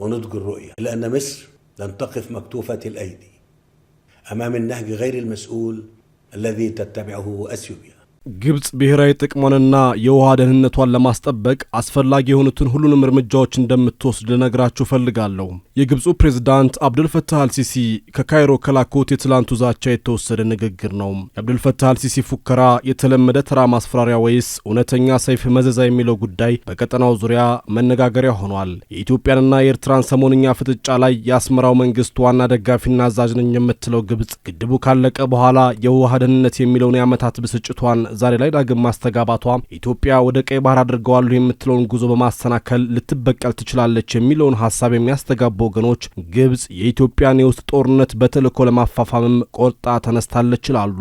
ونضج الرؤية لأن مصر لن تقف مكتوفة الأيدي أمام النهج غير المسؤول الذي تتبعه أثيوبيا ግብጽ ብሔራዊ ጥቅሟንና የውሃ ደህንነቷን ለማስጠበቅ አስፈላጊ የሆኑትን ሁሉንም እርምጃዎች እንደምትወስድ ልነግራችሁ ፈልጋለሁ። የግብፁ ፕሬዝዳንት አብዱልፈታህ አልሲሲ ከካይሮ ከላኩት የትላንቱ ዛቻ የተወሰደ ንግግር ነው። የአብዱልፈታህ አልሲሲ ፉከራ የተለመደ ተራ ማስፈራሪያ ወይስ እውነተኛ ሰይፍ መዘዛ የሚለው ጉዳይ በቀጠናው ዙሪያ መነጋገሪያ ሆኗል። የኢትዮጵያንና የኤርትራን ሰሞንኛ ፍጥጫ ላይ የአስመራው መንግስት ዋና ደጋፊና አዛዥ ነኝ የምትለው ግብጽ ግድቡ ካለቀ በኋላ የውሃ ደህንነት የሚለውን የዓመታት ብስጭቷን ዛሬ ላይ ዳግም ማስተጋባቷ ኢትዮጵያ ወደ ቀይ ባህር አድርገዋሉ የምትለውን ጉዞ በማሰናከል ልትበቀል ትችላለች የሚለውን ሀሳብ የሚያስተጋቡ ወገኖች ግብጽ የኢትዮጵያን የውስጥ ጦርነት በተልእኮ ለማፋፋምም ቆርጣ ተነስታለች ይላሉ።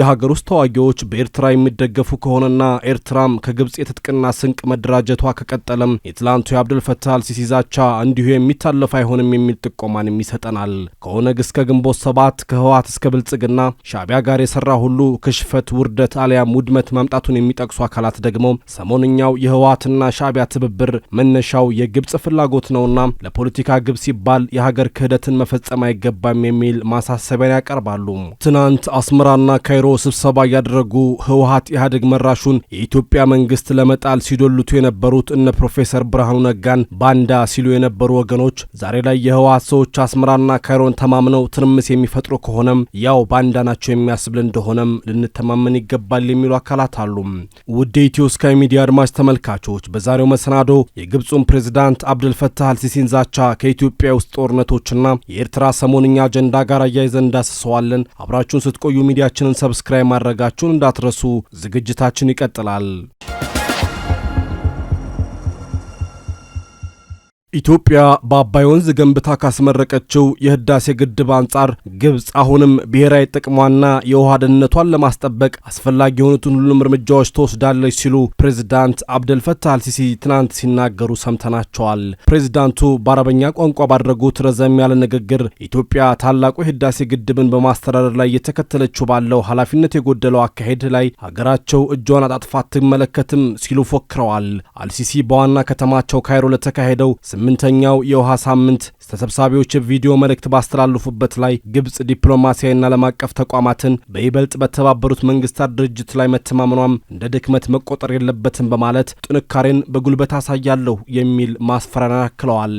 የሀገር ውስጥ ተዋጊዎች በኤርትራ የሚደገፉ ከሆነና ኤርትራም ከግብጽ የትጥቅና ስንቅ መደራጀቷ ከቀጠለም የትላንቱ የአብደልፈታህ አልሲሲ ዛቻ እንዲሁ የሚታለፍ አይሆንም የሚል ጥቆማንም ይሰጠናል። ከኦነግ እስከ ግንቦት ሰባት ከህወሓት እስከ ብልጽግና ሻቢያ ጋር የሰራ ሁሉ ክሽፈት፣ ውርደት አሊያም ውድመት ማምጣቱን የሚጠቅሱ አካላት ደግሞ ሰሞንኛው የህወሓትና ሻዕቢያ ትብብር መነሻው የግብጽ ፍላጎት ነውና ለፖለቲካ ግብ ሲባል የሀገር ክህደትን መፈጸም አይገባም የሚል ማሳሰቢያን ያቀርባሉ። ትናንት አስመራና ካይሮ ስብሰባ እያደረጉ ህወሓት ኢህአዴግ መራሹን የኢትዮጵያ መንግስት ለመጣል ሲዶልቱ የነበሩት እነ ፕሮፌሰር ብርሃኑ ነጋን ባንዳ ሲሉ የነበሩ ወገኖች ዛሬ ላይ የህወሓት ሰዎች አስመራና ካይሮን ተማምነው ትርምስ የሚፈጥሩ ከሆነም ያው ባንዳ ናቸው የሚያስብል እንደሆነም ልንተማመን ይገባል። የሚሉ አካላት አሉ። ውድ የኢትዮ ስካይ ሚዲያ አድማጭ ተመልካቾች በዛሬው መሰናዶ የግብፁን ፕሬዝዳንት አብደልፈታህ አልሲሲን ዛቻ ከኢትዮጵያ ውስጥ ጦርነቶችና የኤርትራ ሰሞንኛ አጀንዳ ጋር አያይዘን እንዳስሰዋለን። አብራችሁን ስትቆዩ ሚዲያችንን ሰብስክራይብ ማድረጋችሁን እንዳትረሱ። ዝግጅታችን ይቀጥላል። ኢትዮጵያ በአባይ ወንዝ ገንብታ ካስመረቀችው የህዳሴ ግድብ አንጻር ግብፅ አሁንም ብሔራዊ ጥቅሟና የውሃ ደህንነቷን ለማስጠበቅ አስፈላጊ የሆኑትን ሁሉም እርምጃዎች ትወስዳለች ሲሉ ፕሬዚዳንት አብደልፈታህ አልሲሲ ትናንት ሲናገሩ ሰምተናቸዋል። ፕሬዚዳንቱ በአረበኛ ቋንቋ ባደረጉት ረዘም ያለ ንግግር ኢትዮጵያ ታላቁ የህዳሴ ግድብን በማስተዳደር ላይ የተከተለችው ባለው ኃላፊነት የጎደለው አካሄድ ላይ ሀገራቸው እጇን አጣጥፋ አትመለከትም ሲሉ ፎክረዋል። አልሲሲ በዋና ከተማቸው ካይሮ ለተካሄደው ስምንተኛው የውሃ ሳምንት ተሰብሳቢዎች የቪዲዮ መልእክት ባስተላለፉበት ላይ ግብጽ ዲፕሎማሲያዊና ዓለም አቀፍ ተቋማትን በይበልጥ በተባበሩት መንግስታት ድርጅት ላይ መተማመኗም እንደ ድክመት መቆጠር የለበትም በማለት ጥንካሬን በጉልበት አሳያለሁ የሚል ማስፈራሪያ አክለዋል።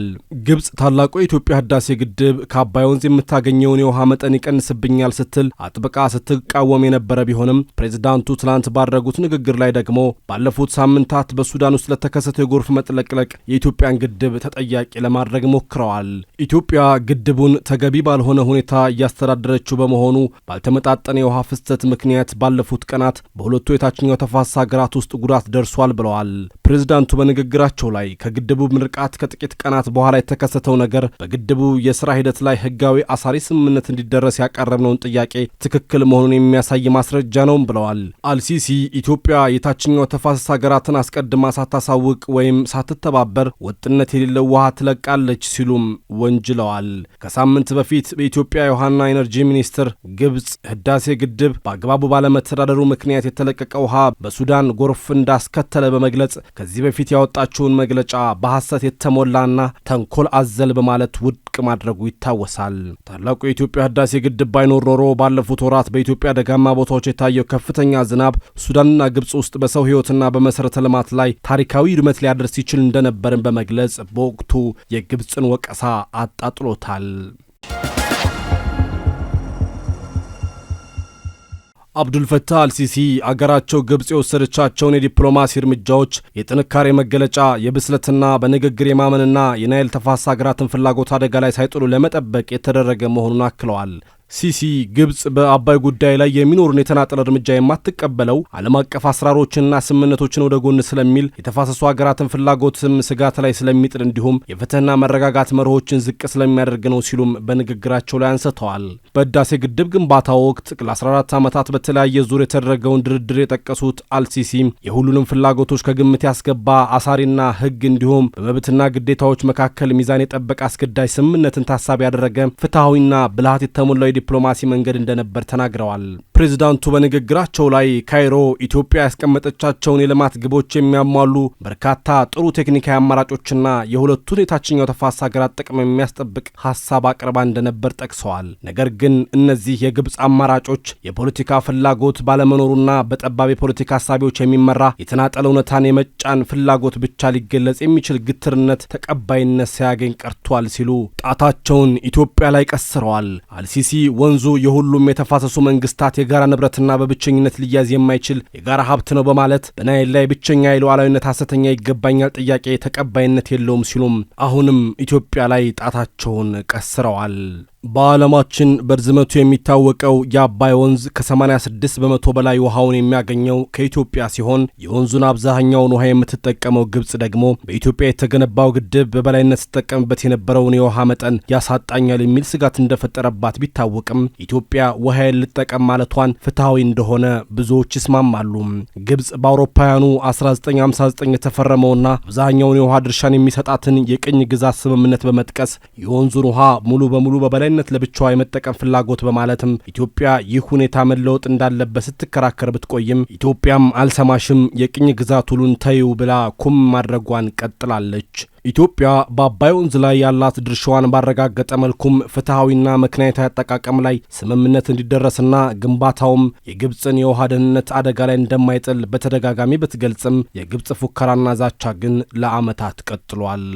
ግብጽ ታላቁ የኢትዮጵያ ህዳሴ ግድብ ከአባይ ወንዝ የምታገኘውን የውሃ መጠን ይቀንስብኛል ስትል አጥብቃ ስትቃወም የነበረ ቢሆንም ፕሬዚዳንቱ ትናንት ባደረጉት ንግግር ላይ ደግሞ ባለፉት ሳምንታት በሱዳን ውስጥ ለተከሰተው የጎርፍ መጥለቅለቅ የኢትዮጵያን ግድብ ተጠያቂ ለማድረግ ሞክረዋል። ኢትዮጵያ ግድቡን ተገቢ ባልሆነ ሁኔታ እያስተዳደረችው በመሆኑ ባልተመጣጠነ የውሃ ፍሰት ምክንያት ባለፉት ቀናት በሁለቱ የታችኛው ተፋሰስ ሀገራት ውስጥ ጉዳት ደርሷል ብለዋል። ፕሬዝዳንቱ በንግግራቸው ላይ ከግድቡ ምርቃት ከጥቂት ቀናት በኋላ የተከሰተው ነገር በግድቡ የስራ ሂደት ላይ ህጋዊ አሳሪ ስምምነት እንዲደረስ ያቀረብነውን ጥያቄ ትክክል መሆኑን የሚያሳይ ማስረጃ ነውም ብለዋል። አልሲሲ ኢትዮጵያ የታችኛው ተፋሰስ ሀገራትን አስቀድማ ሳታሳውቅ ወይም ሳትተባበር ወጥነት የሌለው ውሃ ትለቃለች ሲሉም ወንጅለዋል። ከሳምንት በፊት በኢትዮጵያ የውሃና ኤነርጂ ሚኒስትር ግብፅ ህዳሴ ግድብ በአግባቡ ባለመተዳደሩ ምክንያት የተለቀቀ ውሃ በሱዳን ጎርፍ እንዳስከተለ በመግለጽ ከዚህ በፊት ያወጣችውን መግለጫ በሐሰት የተሞላና ተንኮል አዘል በማለት ውድቅ ማድረጉ ይታወሳል። ታላቁ የኢትዮጵያ ህዳሴ ግድብ ባይኖር ኖሮ ባለፉት ወራት በኢትዮጵያ ደጋማ ቦታዎች የታየው ከፍተኛ ዝናብ ሱዳንና ግብፅ ውስጥ በሰው ህይወትና በመሰረተ ልማት ላይ ታሪካዊ ውድመት ሊያደርስ ይችል እንደነበርን በመግለጽ በወቅቱ የግብፅን ወቀሳ አጣጥሎታል። አብዱልፈታህ አልሲሲ አገራቸው ግብፅ የወሰደቻቸውን የዲፕሎማሲ እርምጃዎች የጥንካሬ መገለጫ የብስለትና በንግግር የማመንና የናይል ተፋሳ ሀገራትን ፍላጎት አደጋ ላይ ሳይጥሉ ለመጠበቅ የተደረገ መሆኑን አክለዋል። ሲሲ ግብጽ በአባይ ጉዳይ ላይ የሚኖሩን የተናጠል እርምጃ የማትቀበለው ዓለም አቀፍ አሰራሮችንና ስምምነቶችን ወደ ጎን ስለሚል የተፋሰሱ ሀገራትን ፍላጎትም ስጋት ላይ ስለሚጥል እንዲሁም የፍትህና መረጋጋት መርሆችን ዝቅ ስለሚያደርግ ነው ሲሉም በንግግራቸው ላይ አንስተዋል። በህዳሴ ግድብ ግንባታ ወቅት ለ14 ዓመታት በተለያየ ዙር የተደረገውን ድርድር የጠቀሱት አልሲሲ የሁሉንም ፍላጎቶች ከግምት ያስገባ አሳሪና ህግ እንዲሁም በመብትና ግዴታዎች መካከል ሚዛን የጠበቀ አስገዳጅ ስምምነትን ታሳቢ ያደረገ ፍትሐዊና ብልሃት የተሞላው የዲፕሎማሲ መንገድ እንደነበር ተናግረዋል። ፕሬዚዳንቱ በንግግራቸው ላይ ካይሮ ኢትዮጵያ ያስቀመጠቻቸውን የልማት ግቦች የሚያሟሉ በርካታ ጥሩ ቴክኒካዊ አማራጮችና የሁለቱን የታችኛው ተፋሰስ ሀገራት ጥቅም የሚያስጠብቅ ሀሳብ አቅርባ እንደነበር ጠቅሰዋል። ነገር ግን እነዚህ የግብፅ አማራጮች የፖለቲካ ፍላጎት ባለመኖሩና በጠባብ የፖለቲካ ሀሳቢዎች የሚመራ የተናጠለ እውነታን የመጫን ፍላጎት ብቻ ሊገለጽ የሚችል ግትርነት ተቀባይነት ሳያገኝ ቀርቷል ሲሉ ጣታቸውን ኢትዮጵያ ላይ ቀስረዋል። አልሲሲ ወንዙ የሁሉም የተፋሰሱ መንግስታት የጋራ ንብረትና በብቸኝነት ሊያዝ የማይችል የጋራ ሀብት ነው በማለት በናይል ላይ ብቸኛ የሉዓላዊነት ሐሰተኛ ይገባኛል ጥያቄ ተቀባይነት የለውም ሲሉም አሁንም ኢትዮጵያ ላይ ጣታቸውን ቀስረዋል። በዓለማችን በርዝመቱ የሚታወቀው የአባይ ወንዝ ከ86 በመቶ በላይ ውሃውን የሚያገኘው ከኢትዮጵያ ሲሆን የወንዙን አብዛኛውን ውሃ የምትጠቀመው ግብፅ ደግሞ በኢትዮጵያ የተገነባው ግድብ በበላይነት ስትጠቀምበት የነበረውን የውሃ መጠን ያሳጣኛል የሚል ስጋት እንደፈጠረባት ቢታወቅም ኢትዮጵያ ውሃ ልጠቀም ማለቷን ፍትሐዊ እንደሆነ ብዙዎች ይስማማሉ። ግብፅ በአውሮፓውያኑ 1959 የተፈረመውና አብዛኛውን የውሃ ድርሻን የሚሰጣትን የቅኝ ግዛት ስምምነት በመጥቀስ የወንዙን ውሃ ሙሉ በሙሉ በበላይ በበላይነት ለብቻዋ የመጠቀም ፍላጎት በማለትም ኢትዮጵያ ይህ ሁኔታ መለወጥ እንዳለበት ስትከራከር ብትቆይም ኢትዮጵያም አልሰማሽም የቅኝ ግዛት ሁሉን ተይው ብላ ኩም ማድረጓን ቀጥላለች። ኢትዮጵያ በአባይ ወንዝ ላይ ያላት ድርሻዋን ባረጋገጠ መልኩም ፍትሐዊና ምክንያታዊ አጠቃቀም ላይ ስምምነት እንዲደረስና ግንባታውም የግብፅን የውሃ ደህንነት አደጋ ላይ እንደማይጥል በተደጋጋሚ ብትገልጽም የግብፅ ፉከራና ዛቻ ግን ለዓመታት ቀጥሏል።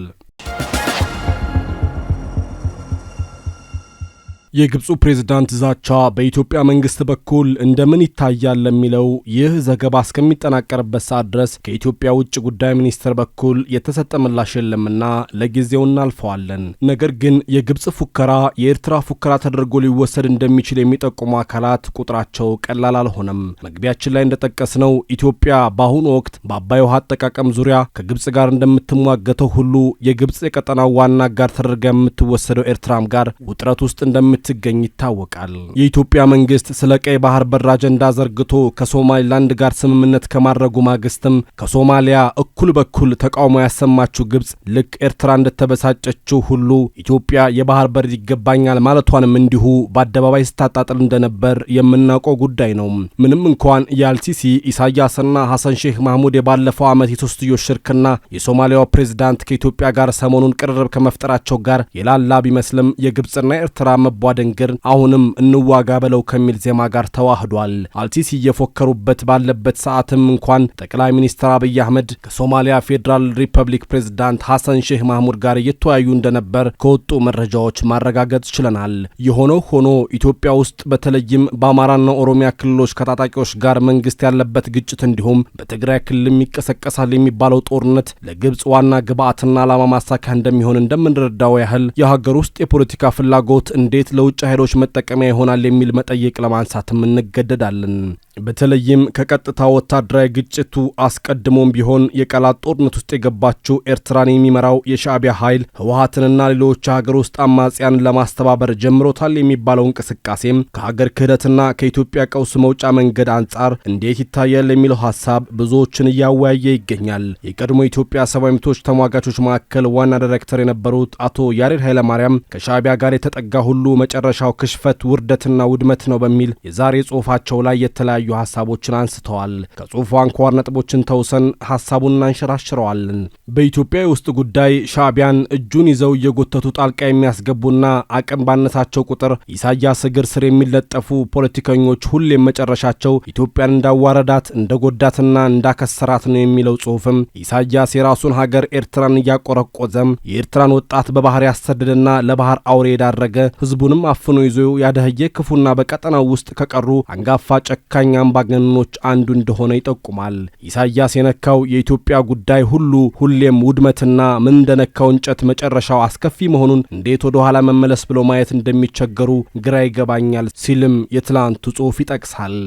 የግብፁ ፕሬዝዳንት ዛቻ በኢትዮጵያ መንግስት በኩል እንደምን ይታያል ለሚለው ይህ ዘገባ እስከሚጠናቀርበት ሰዓት ድረስ ከኢትዮጵያ ውጭ ጉዳይ ሚኒስቴር በኩል የተሰጠ ምላሽ የለምና ለጊዜው እናልፈዋለን። ነገር ግን የግብፅ ፉከራ የኤርትራ ፉከራ ተደርጎ ሊወሰድ እንደሚችል የሚጠቁሙ አካላት ቁጥራቸው ቀላል አልሆነም። መግቢያችን ላይ እንደጠቀስነው ኢትዮጵያ በአሁኑ ወቅት በአባይ ውሃ አጠቃቀም ዙሪያ ከግብፅ ጋር እንደምትሟገተው ሁሉ የግብፅ የቀጠናው ዋና ጋር ተደርጋ የምትወሰደው ኤርትራም ጋር ውጥረት ውስጥ እንደምት እንደምትገኝ ይታወቃል። የኢትዮጵያ መንግስት ስለ ቀይ ባህር በር አጀንዳ ዘርግቶ ከሶማሊላንድ ጋር ስምምነት ከማድረጉ ማግስትም ከሶማሊያ እኩል በኩል ተቃውሞ ያሰማችው ግብጽ ልክ ኤርትራ እንደተበሳጨችው ሁሉ ኢትዮጵያ የባህር በር ይገባኛል ማለቷንም እንዲሁ በአደባባይ ስታጣጥል እንደነበር የምናውቀው ጉዳይ ነው። ምንም እንኳን የአልሲሲ ኢሳያስና ሐሰን ሼህ ማህሙድ የባለፈው ዓመት የሶስትዮሽ ሽርክና የሶማሊያው ፕሬዚዳንት ከኢትዮጵያ ጋር ሰሞኑን ቅርርብ ከመፍጠራቸው ጋር የላላ ቢመስልም የግብጽና ኤርትራ መቧ አምባደንገር አሁንም እንዋጋ በለው ከሚል ዜማ ጋር ተዋህዷል። አልሲሲ እየፎከሩበት ባለበት ሰዓትም እንኳን ጠቅላይ ሚኒስትር አብይ አህመድ ከሶማሊያ ፌዴራል ሪፐብሊክ ፕሬዝዳንት ሐሰን ሼህ ማህሙድ ጋር እየተወያዩ እንደነበር ከወጡ መረጃዎች ማረጋገጥ ችለናል። የሆነው ሆኖ ኢትዮጵያ ውስጥ በተለይም በአማራና ኦሮሚያ ክልሎች ከታጣቂዎች ጋር መንግስት ያለበት ግጭት እንዲሁም በትግራይ ክልልም ይቀሰቀሳል የሚባለው ጦርነት ለግብፅ ዋና ግብአትና ዓላማ ማሳካያ እንደሚሆን እንደምንረዳው ያህል የሀገር ውስጥ የፖለቲካ ፍላጎት እንዴት ለውጭ ኃይሎች መጠቀሚያ ይሆናል የሚል መጠይቅ ለማንሳትም እንገደዳለን። በተለይም ከቀጥታ ወታደራዊ ግጭቱ አስቀድሞም ቢሆን የቃላት ጦርነት ውስጥ የገባችው ኤርትራን የሚመራው የሻዕቢያ ኃይል ህወሀትንና ሌሎች የሀገር ውስጥ አማጽያን ለማስተባበር ጀምሮታል የሚባለው እንቅስቃሴም ከሀገር ክህደትና ከኢትዮጵያ ቀውስ መውጫ መንገድ አንጻር እንዴት ይታያል የሚለው ሀሳብ ብዙዎችን እያወያየ ይገኛል። የቀድሞ ኢትዮጵያ ሰብአዊ መብቶች ተሟጋቾች መካከል ዋና ዳይሬክተር የነበሩት አቶ ያሬድ ኃይለማርያም ከሻዕቢያ ጋር የተጠጋ ሁሉ መጨረሻው ክሽፈት፣ ውርደትና ውድመት ነው በሚል የዛሬ ጽሁፋቸው ላይ የተለያዩ የተለያዩ ሀሳቦችን አንስተዋል። ከጽሁፉ አንኳር ነጥቦችን ተውሰን ሀሳቡን እናንሸራሽረዋለን። በኢትዮጵያ የውስጥ ጉዳይ ሻዕቢያን እጁን ይዘው እየጎተቱ ጣልቃ የሚያስገቡና አቅም ባነሳቸው ቁጥር ኢሳያስ እግር ስር የሚለጠፉ ፖለቲከኞች ሁሌም መጨረሻቸው ኢትዮጵያን እንዳዋረዳት እንደ ጎዳትና እንዳከሰራት ነው የሚለው ጽሁፍም ኢሳያስ የራሱን ሀገር ኤርትራን እያቆረቆዘም የኤርትራን ወጣት በባህር ያሰደደና ለባህር አውሬ የዳረገ ህዝቡንም አፍኖ ይዞ ያደህየ ክፉና በቀጠናው ውስጥ ከቀሩ አንጋፋ ጨካኝ አምባገነኖች አንዱ እንደሆነ ይጠቁማል። ኢሳያስ የነካው የኢትዮጵያ ጉዳይ ሁሉ ሁሌም ውድመትና ምን እንደነካው እንጨት መጨረሻው አስከፊ መሆኑን እንዴት ወደ ኋላ መመለስ ብሎ ማየት እንደሚቸገሩ ግራ ይገባኛል ሲልም የትላንቱ ጽሑፍ ይጠቅሳል።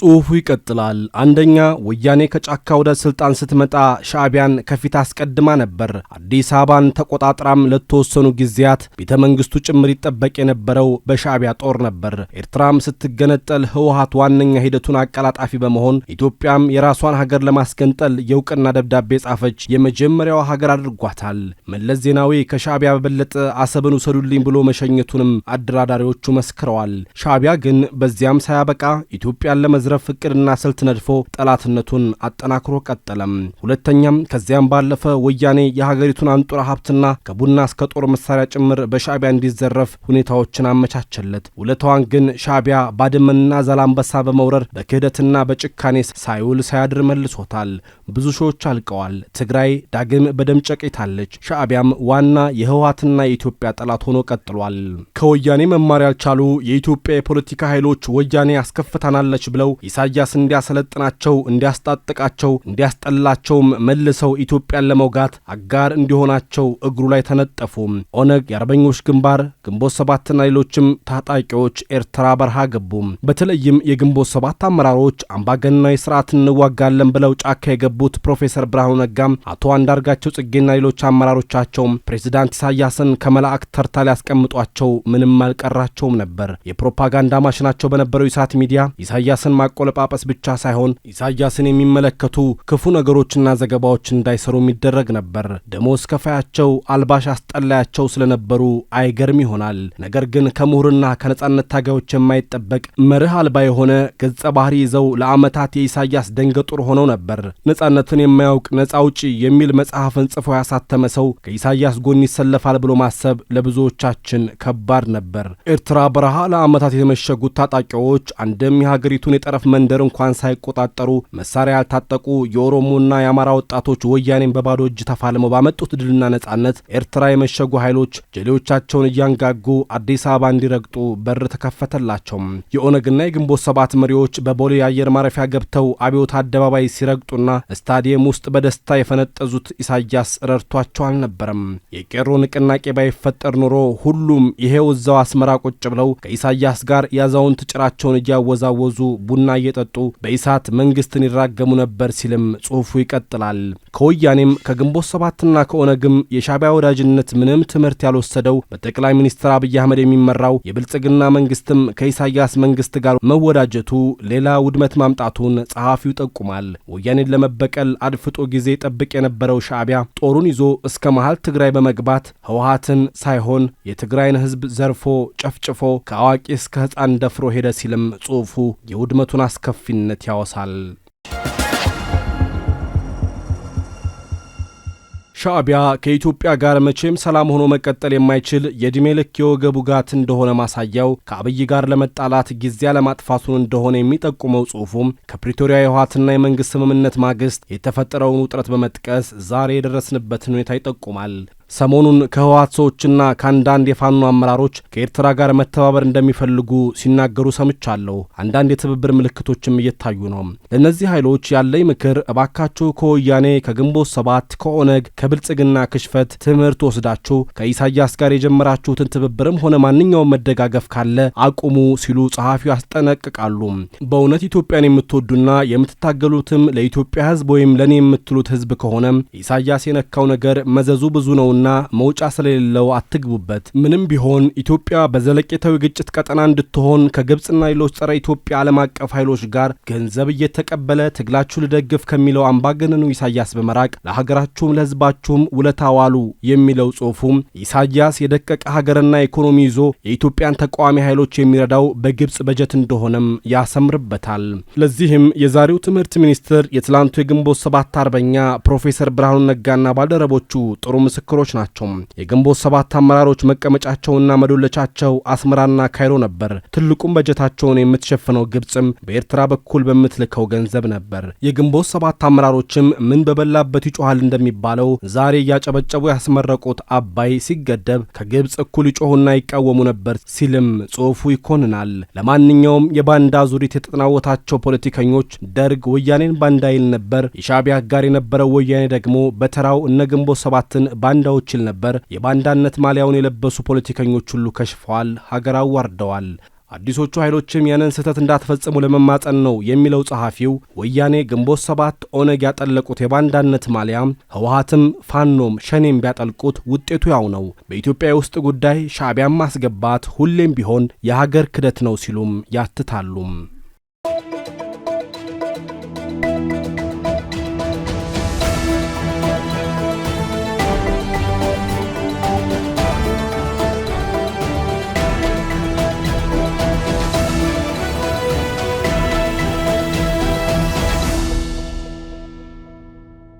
ጽሑፉ ይቀጥላል። አንደኛ ወያኔ ከጫካ ወደ ስልጣን ስትመጣ ሻዕቢያን ከፊት አስቀድማ ነበር። አዲስ አበባን ተቆጣጥራም ለተወሰኑ ጊዜያት ቤተ መንግስቱ ጭምር ይጠበቅ የነበረው በሻዕቢያ ጦር ነበር። ኤርትራም ስትገነጠል ህወሀት ዋነኛ ሂደቱን አቀላጣፊ በመሆን ኢትዮጵያም የራሷን ሀገር ለማስገንጠል የእውቅና ደብዳቤ ጻፈች፣ የመጀመሪያዋ ሀገር አድርጓታል። መለስ ዜናዊ ከሻዕቢያ በበለጠ አሰብን ውሰዱልኝ ብሎ መሸኘቱንም አደራዳሪዎቹ መስክረዋል። ሻዕቢያ ግን በዚያም ሳያበቃ ኢትዮጵያን ለመዝ የመዝረፍ እቅድና ስልት ነድፎ ጠላትነቱን አጠናክሮ ቀጠለም። ሁለተኛም ከዚያም ባለፈ ወያኔ የሀገሪቱን አንጡራ ሀብትና ከቡና እስከ ጦር መሳሪያ ጭምር በሻዕቢያ እንዲዘረፍ ሁኔታዎችን አመቻቸለት። ውለታዋን ግን ሻዕቢያ ባድመንና ዛላንበሳ በመውረር በክህደትና በጭካኔ ሳይውል ሳያድር መልሶታል። ብዙ ሺዎች አልቀዋል። ትግራይ ዳግም በደም ጨቅይታለች። ሻዕቢያም ዋና የህወሓትና የኢትዮጵያ ጠላት ሆኖ ቀጥሏል። ከወያኔ መማር ያልቻሉ የኢትዮጵያ የፖለቲካ ኃይሎች ወያኔ አስከፍታናለች ብለው ኢሳያስ እንዲያሰለጥናቸው፣ እንዲያስጣጥቃቸው፣ እንዲያስጠላቸውም መልሰው ኢትዮጵያን ለመውጋት አጋር እንዲሆናቸው እግሩ ላይ ተነጠፉ። ኦነግ፣ የአርበኞች ግንባር፣ ግንቦት ሰባትና ሌሎችም ታጣቂዎች ኤርትራ በረሃ ገቡ። በተለይም የግንቦት ሰባት አመራሮች አምባገናዊ ስርዓት እንዋጋለን ብለው ጫካ የገቡት ፕሮፌሰር ብርሃኑ ነጋም አቶ አንዳርጋቸው ጽጌና ሌሎች አመራሮቻቸው ፕሬዚዳንት ኢሳያስን ከመላእክት ተርታ ሊያስቀምጧቸው ምንም አልቀራቸውም ነበር። የፕሮፓጋንዳ ማሽናቸው በነበረው ኢሳት ሚዲያ ኢሳያስን ቆለጳጳስ ለጳጳስ ብቻ ሳይሆን ኢሳያስን የሚመለከቱ ክፉ ነገሮችና ዘገባዎች እንዳይሰሩ የሚደረግ ነበር። ደሞዝ ከፋያቸው አልባሽ አስጠላያቸው ስለነበሩ አይገርም ይሆናል። ነገር ግን ከምሁርና ከነጻነት ታጋዮች የማይጠበቅ መርህ አልባ የሆነ ገጸ ባህሪ ይዘው ለዓመታት የኢሳያስ ደንገጡር ሆነው ነበር። ነጻነትን የማያውቅ ነጻ አውጪ የሚል መጽሐፍን ጽፎ ያሳተመ ሰው ከኢሳያስ ጎን ይሰለፋል ብሎ ማሰብ ለብዙዎቻችን ከባድ ነበር። ኤርትራ በረሃ ለዓመታት የተመሸጉት ታጣቂዎች አንድም የሀገሪቱን ጠረፍ መንደር እንኳን ሳይቆጣጠሩ መሳሪያ ያልታጠቁ የኦሮሞና የአማራ ወጣቶች ወያኔን በባዶ እጅ ተፋልመው ባመጡት ድልና ነጻነት ኤርትራ የመሸጉ ኃይሎች ጀሌዎቻቸውን እያንጋጉ አዲስ አበባ እንዲረግጡ በር ተከፈተላቸው። የኦነግና የግንቦት ሰባት መሪዎች በቦሌ አየር ማረፊያ ገብተው አብዮት አደባባይ ሲረግጡና ስታዲየም ውስጥ በደስታ የፈነጠዙት ኢሳያስ ረድቷቸው አልነበረም። የቄሮ ንቅናቄ ባይፈጠር ኖሮ ሁሉም ይሄው እዛው አስመራ ቁጭ ብለው ከኢሳያስ ጋር የአዛውንት ጭራቸውን እያወዛወዙ ቡ ቡና እየጠጡ በኢሳት መንግስትን ይራገሙ ነበር ሲልም ጽሑፉ ይቀጥላል። ከወያኔም ከግንቦት ሰባትና ከኦነግም የሻቢያ ወዳጅነት ምንም ትምህርት ያልወሰደው በጠቅላይ ሚኒስትር አብይ አህመድ የሚመራው የብልጽግና መንግስትም ከኢሳያስ መንግስት ጋር መወዳጀቱ ሌላ ውድመት ማምጣቱን ጸሐፊው ጠቁማል። ወያኔን ለመበቀል አድፍጦ ጊዜ ጠብቅ የነበረው ሻቢያ ጦሩን ይዞ እስከ መሃል ትግራይ በመግባት ህወሀትን ሳይሆን የትግራይን ህዝብ ዘርፎ ጨፍጭፎ ከአዋቂ እስከ ህፃን ደፍሮ ሄደ ሲልም ጽሑፉ የውድመቱ የውድቀቱን አስከፊነት ያወሳል። ሻዕቢያ ከኢትዮጵያ ጋር መቼም ሰላም ሆኖ መቀጠል የማይችል የዕድሜ ልክ የወገብ ውጋት እንደሆነ ማሳያው ከአብይ ጋር ለመጣላት ጊዜ አለማጥፋቱን እንደሆነ የሚጠቁመው ጽሑፉም ከፕሪቶሪያ የህወሓትና የመንግሥት ስምምነት ማግስት የተፈጠረውን ውጥረት በመጥቀስ ዛሬ የደረስንበትን ሁኔታ ይጠቁማል። ሰሞኑን ከህወሓት ሰዎችና ከአንዳንድ የፋኖ አመራሮች ከኤርትራ ጋር መተባበር እንደሚፈልጉ ሲናገሩ ሰምቻለሁ። አንዳንድ የትብብር ምልክቶችም እየታዩ ነው። ለእነዚህ ኃይሎች ያለኝ ምክር እባካችሁ ከወያኔ፣ ከግንቦት ሰባት፣ ከኦነግ፣ ከብልጽግና ክሽፈት ትምህርት ወስዳችሁ ከኢሳያስ ጋር የጀመራችሁትን ትብብርም ሆነ ማንኛውም መደጋገፍ ካለ አቁሙ ሲሉ ጸሐፊው ያስጠነቅቃሉ። በእውነት ኢትዮጵያን የምትወዱና የምትታገሉትም ለኢትዮጵያ ህዝብ ወይም ለእኔ የምትሉት ህዝብ ከሆነም ኢሳያስ የነካው ነገር መዘዙ ብዙ ነውና ስለሌለውና መውጫ ስለሌለው አትግቡበት። ምንም ቢሆን ኢትዮጵያ በዘለቄታዊ ግጭት ቀጠና እንድትሆን ከግብፅና ሌሎች ጸረ ኢትዮጵያ ዓለም አቀፍ ኃይሎች ጋር ገንዘብ እየተቀበለ ትግላችሁ ልደግፍ ከሚለው አምባገነኑ ኢሳያስ በመራቅ ለሀገራችሁም ለህዝባችሁም ውለታ ዋሉ የሚለው ጽሁፉም ኢሳያስ የደቀቀ ሀገርና ኢኮኖሚ ይዞ የኢትዮጵያን ተቃዋሚ ኃይሎች የሚረዳው በግብፅ በጀት እንደሆነም ያሰምርበታል። ለዚህም የዛሬው ትምህርት ሚኒስትር የትላንቱ የግንቦት ሰባት አርበኛ ፕሮፌሰር ብርሃኑ ነጋና ባልደረቦቹ ጥሩ ምስክሮች አመራሮች ናቸው። የግንቦት ሰባት አመራሮች መቀመጫቸውና መዶለቻቸው አስመራና ካይሮ ነበር። ትልቁም በጀታቸውን የምትሸፍነው ግብፅም በኤርትራ በኩል በምትልከው ገንዘብ ነበር። የግንቦት ሰባት አመራሮችም ምን በበላበት ይጮሃል እንደሚባለው ዛሬ እያጨበጨቡ ያስመረቁት አባይ ሲገደብ ከግብፅ እኩል ይጮሁና ይቃወሙ ነበር ሲልም ጽሑፉ ይኮንናል። ለማንኛውም የባንዳ ዙሪት የተጠናወታቸው ፖለቲከኞች ደርግ ወያኔን ባንዳ ይል ነበር፣ የሻቢያ አጋር የነበረው ወያኔ ደግሞ በተራው እነ ግንቦት ሰባትን ባንዳዎች ሊያደርገው ይችል ነበር። የባንዳነት ማሊያውን የለበሱ ፖለቲከኞች ሁሉ ከሽፈዋል፣ ሀገር አዋርደዋል። አዲሶቹ ኃይሎችም ያንን ስህተት እንዳትፈጽሙ ለመማጸን ነው የሚለው ጸሐፊው፣ ወያኔ ግንቦት ሰባት ኦነግ ያጠለቁት የባንዳነት ማሊያም ህወሀትም ፋኖም ሸኔም ቢያጠልቁት ውጤቱ ያው ነው። በኢትዮጵያ የውስጥ ጉዳይ ሻዕቢያን ማስገባት ሁሌም ቢሆን የሀገር ክደት ነው ሲሉም ያትታሉም።